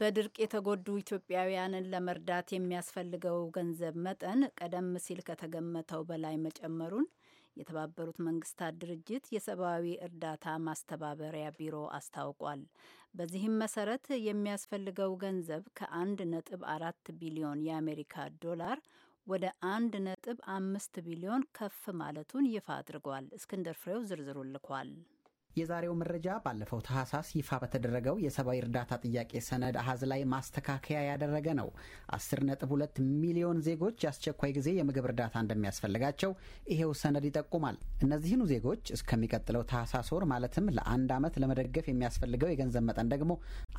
በድርቅ የተጎዱ ኢትዮጵያውያንን ለመርዳት የሚያስፈልገው ገንዘብ መጠን ቀደም ሲል ከተገመተው በላይ መጨመሩን የተባበሩት መንግስታት ድርጅት የሰብአዊ እርዳታ ማስተባበሪያ ቢሮ አስታውቋል። በዚህም መሰረት የሚያስፈልገው ገንዘብ ከአንድ ነጥብ አራት ቢሊዮን የአሜሪካ ዶላር ወደ አንድ ነጥብ አምስት ቢሊዮን ከፍ ማለቱን ይፋ አድርጓል። እስክንድር ፍሬው ዝርዝሩ ልኳል። የዛሬው መረጃ ባለፈው ታህሳስ ይፋ በተደረገው የሰብአዊ እርዳታ ጥያቄ ሰነድ አሀዝ ላይ ማስተካከያ ያደረገ ነው። 10.2 ሚሊዮን ዜጎች የአስቸኳይ ጊዜ የምግብ እርዳታ እንደሚያስፈልጋቸው ይሄው ሰነድ ይጠቁማል። እነዚህኑ ዜጎች እስከሚቀጥለው ታህሳስ ወር ማለትም ለአንድ ዓመት ለመደገፍ የሚያስፈልገው የገንዘብ መጠን ደግሞ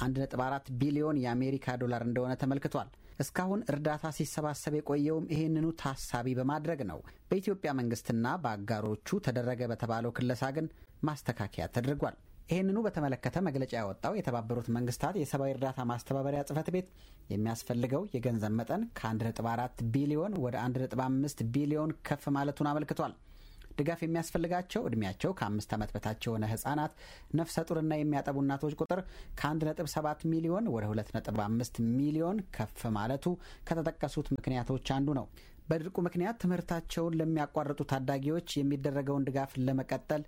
1.4 ቢሊዮን የአሜሪካ ዶላር እንደሆነ ተመልክቷል። እስካሁን እርዳታ ሲሰባሰብ የቆየውም ይህንኑ ታሳቢ በማድረግ ነው። በኢትዮጵያ መንግስትና በአጋሮቹ ተደረገ በተባለው ክለሳ ግን ማስተካከያ ተደርጓል። ይህንኑ በተመለከተ መግለጫ ያወጣው የተባበሩት መንግስታት የሰብአዊ እርዳታ ማስተባበሪያ ጽህፈት ቤት የሚያስፈልገው የገንዘብ መጠን ከ1.4 ቢሊዮን ወደ 1.5 ቢሊዮን ከፍ ማለቱን አመልክቷል። ድጋፍ የሚያስፈልጋቸው እድሜያቸው ከአምስት ዓመት በታች የሆነ ህጻናት፣ ነፍሰ ጡርና የሚያጠቡ እናቶች ቁጥር ከ1.7 ሚሊዮን ወደ 2.5 ሚሊዮን ከፍ ማለቱ ከተጠቀሱት ምክንያቶች አንዱ ነው። በድርቁ ምክንያት ትምህርታቸውን ለሚያቋርጡ ታዳጊዎች የሚደረገውን ድጋፍ ለመቀጠል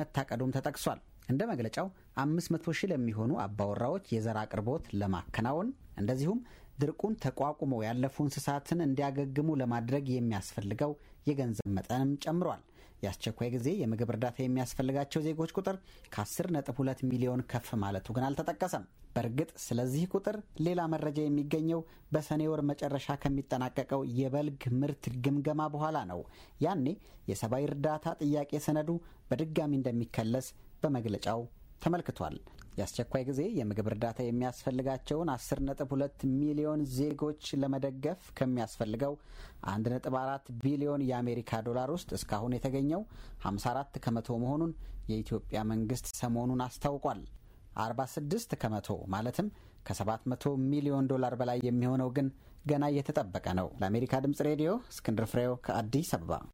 መታቀዱም ተጠቅሷል። እንደ መግለጫው 500 ሺህ ለሚሆኑ አባወራዎች የዘር አቅርቦት ለማከናወን እንደዚሁም ድርቁን ተቋቁመው ያለፉ እንስሳትን እንዲያገግሙ ለማድረግ የሚያስፈልገው የገንዘብ መጠንም ጨምሯል። የአስቸኳይ ጊዜ የምግብ እርዳታ የሚያስፈልጋቸው ዜጎች ቁጥር ከ10.2 ሚሊዮን ከፍ ማለቱ ግን አልተጠቀሰም። በእርግጥ ስለዚህ ቁጥር ሌላ መረጃ የሚገኘው በሰኔ ወር መጨረሻ ከሚጠናቀቀው የበልግ ምርት ግምገማ በኋላ ነው። ያኔ የሰብአዊ እርዳታ ጥያቄ ሰነዱ በድጋሚ እንደሚከለስ በመግለጫው ተመልክቷል። የአስቸኳይ ጊዜ የምግብ እርዳታ የሚያስፈልጋቸውን 10.2 ሚሊዮን ዜጎች ለመደገፍ ከሚያስፈልገው 1.4 ቢሊዮን የአሜሪካ ዶላር ውስጥ እስካሁን የተገኘው 54 ከመቶ መሆኑን የኢትዮጵያ መንግስት ሰሞኑን አስታውቋል። 46 ከመቶ ማለትም ከ700 ሚሊዮን ዶላር በላይ የሚሆነው ግን ገና እየተጠበቀ ነው። ለአሜሪካ ድምፅ ሬዲዮ እስክንድር ፍሬው ከአዲስ አበባ